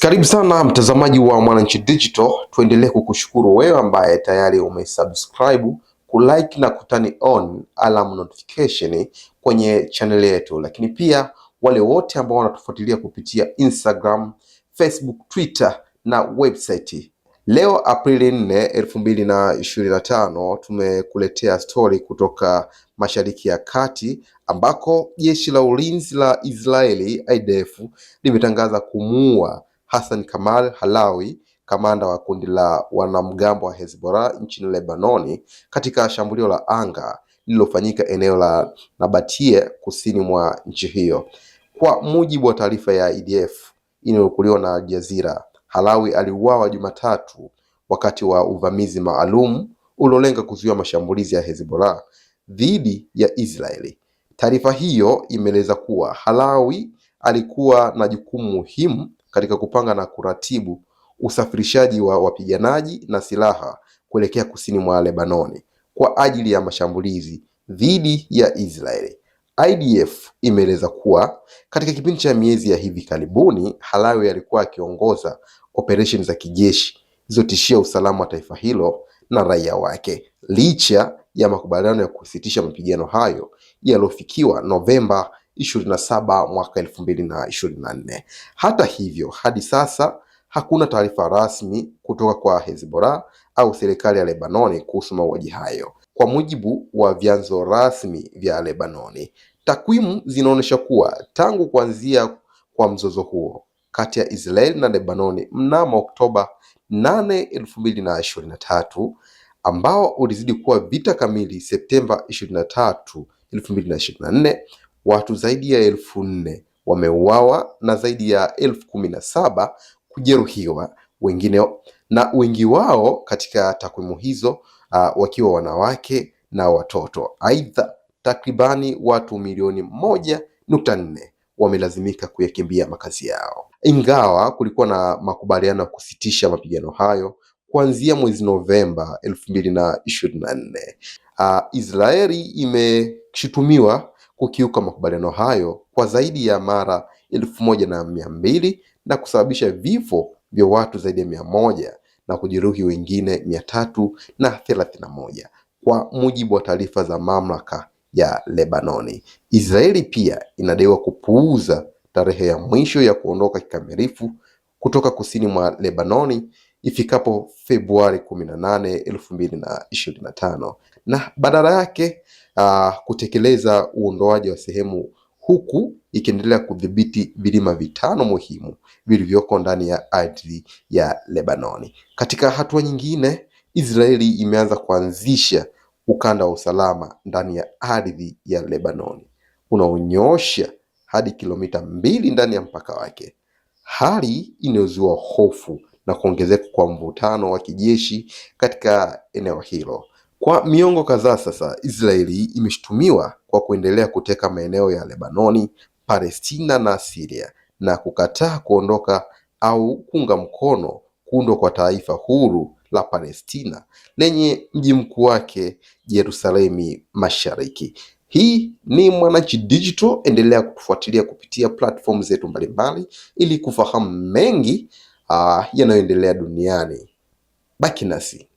Karibu sana mtazamaji wa Mwananchi Digital, tuendelee kukushukuru wewe ambaye tayari umesubscribe, kulike na kutani on alarm notification kwenye chaneli yetu, lakini pia wale wote ambao wanatufuatilia kupitia Instagram, Facebook, Twitter na website. Leo Aprili 4, 2025 tumekuletea stori kutoka Mashariki ya Kati ambako jeshi la ulinzi la Israeli IDF limetangaza kumuua Hassan Kamal Halawi, kamanda wa kundi la wanamgambo wa Hezbollah nchini Lebanoni, katika shambulio la anga lililofanyika eneo la Nabatie kusini mwa nchi hiyo. Kwa mujibu wa taarifa ya IDF e inayokuliwa na Al Jazeera, Halawi aliuawa Jumatatu wakati wa uvamizi maalum uliolenga kuzuia mashambulizi ya Hezbollah dhidi ya Israeli. Taarifa hiyo imeeleza kuwa Halawi alikuwa na jukumu muhimu katika kupanga na kuratibu usafirishaji wa wapiganaji na silaha kuelekea kusini mwa Lebanoni kwa ajili ya mashambulizi dhidi ya Israeli. IDF imeeleza kuwa katika kipindi cha miezi ya hivi karibuni, halawi alikuwa akiongoza operesheni za kijeshi zilizotishia usalama wa taifa hilo na raia wake, licha ya makubaliano ya kusitisha mapigano hayo yaliyofikiwa Novemba 27 mwaka nne Hata hivyo, hadi sasa hakuna taarifa rasmi kutoka kwa Hezbollah au serikali ya Lebanoni kuhusu mauaji hayo. Kwa mujibu wa vyanzo rasmi vya Lebanoni, takwimu zinaonyesha kuwa tangu kuanzia kwa mzozo huo kati ya Israeli na Lebanoni mnamo Oktoba 8, 2023 ambao ulizidi kuwa vita kamili Septemba 23, 2024 watu zaidi ya elfu nne wameuawa na zaidi ya elfu kumi na saba kujeruhiwa wengine, na wengi wao katika takwimu hizo uh, wakiwa wanawake na watoto. Aidha, takribani watu milioni moja nukta nne wamelazimika kuyakimbia makazi yao, ingawa kulikuwa na makubaliano ya kusitisha mapigano hayo kuanzia mwezi Novemba elfu mbili na ishirini na nne. Uh, Israeli imeshutumiwa kukiuka makubaliano hayo kwa zaidi ya mara elfu moja na mia mbili na kusababisha vifo vya watu zaidi ya mia moja na kujeruhi wengine mia tatu na thelathini na moja kwa mujibu wa taarifa za mamlaka ya Lebanoni. Israeli pia inadaiwa kupuuza tarehe ya mwisho ya kuondoka kikamilifu kutoka kusini mwa Lebanoni ifikapo Februari kumi na nane elfu mbili na ishirini na tano na badala yake uh, kutekeleza uondoaji wa sehemu huku ikiendelea kudhibiti vilima vitano muhimu vilivyoko ndani ya ardhi ya Lebanoni. Katika hatua nyingine, Israeli imeanza kuanzisha ukanda wa usalama ndani ya ardhi ya Lebanoni unaonyosha hadi kilomita mbili ndani ya mpaka wake, hali inayozua hofu na kuongezeka kwa mvutano wa kijeshi katika eneo hilo. Kwa miongo kadhaa sasa, Israeli imeshutumiwa kwa kuendelea kuteka maeneo ya Lebanoni, Palestina na Syria na kukataa kuondoka au kuunga mkono kuundwa kwa taifa huru la Palestina lenye mji mkuu wake Yerusalemu Mashariki. Hii ni Mwananchi Digital, endelea kutufuatilia kupitia platform zetu mbalimbali ili kufahamu mengi uh, yanayoendelea duniani. Baki nasi.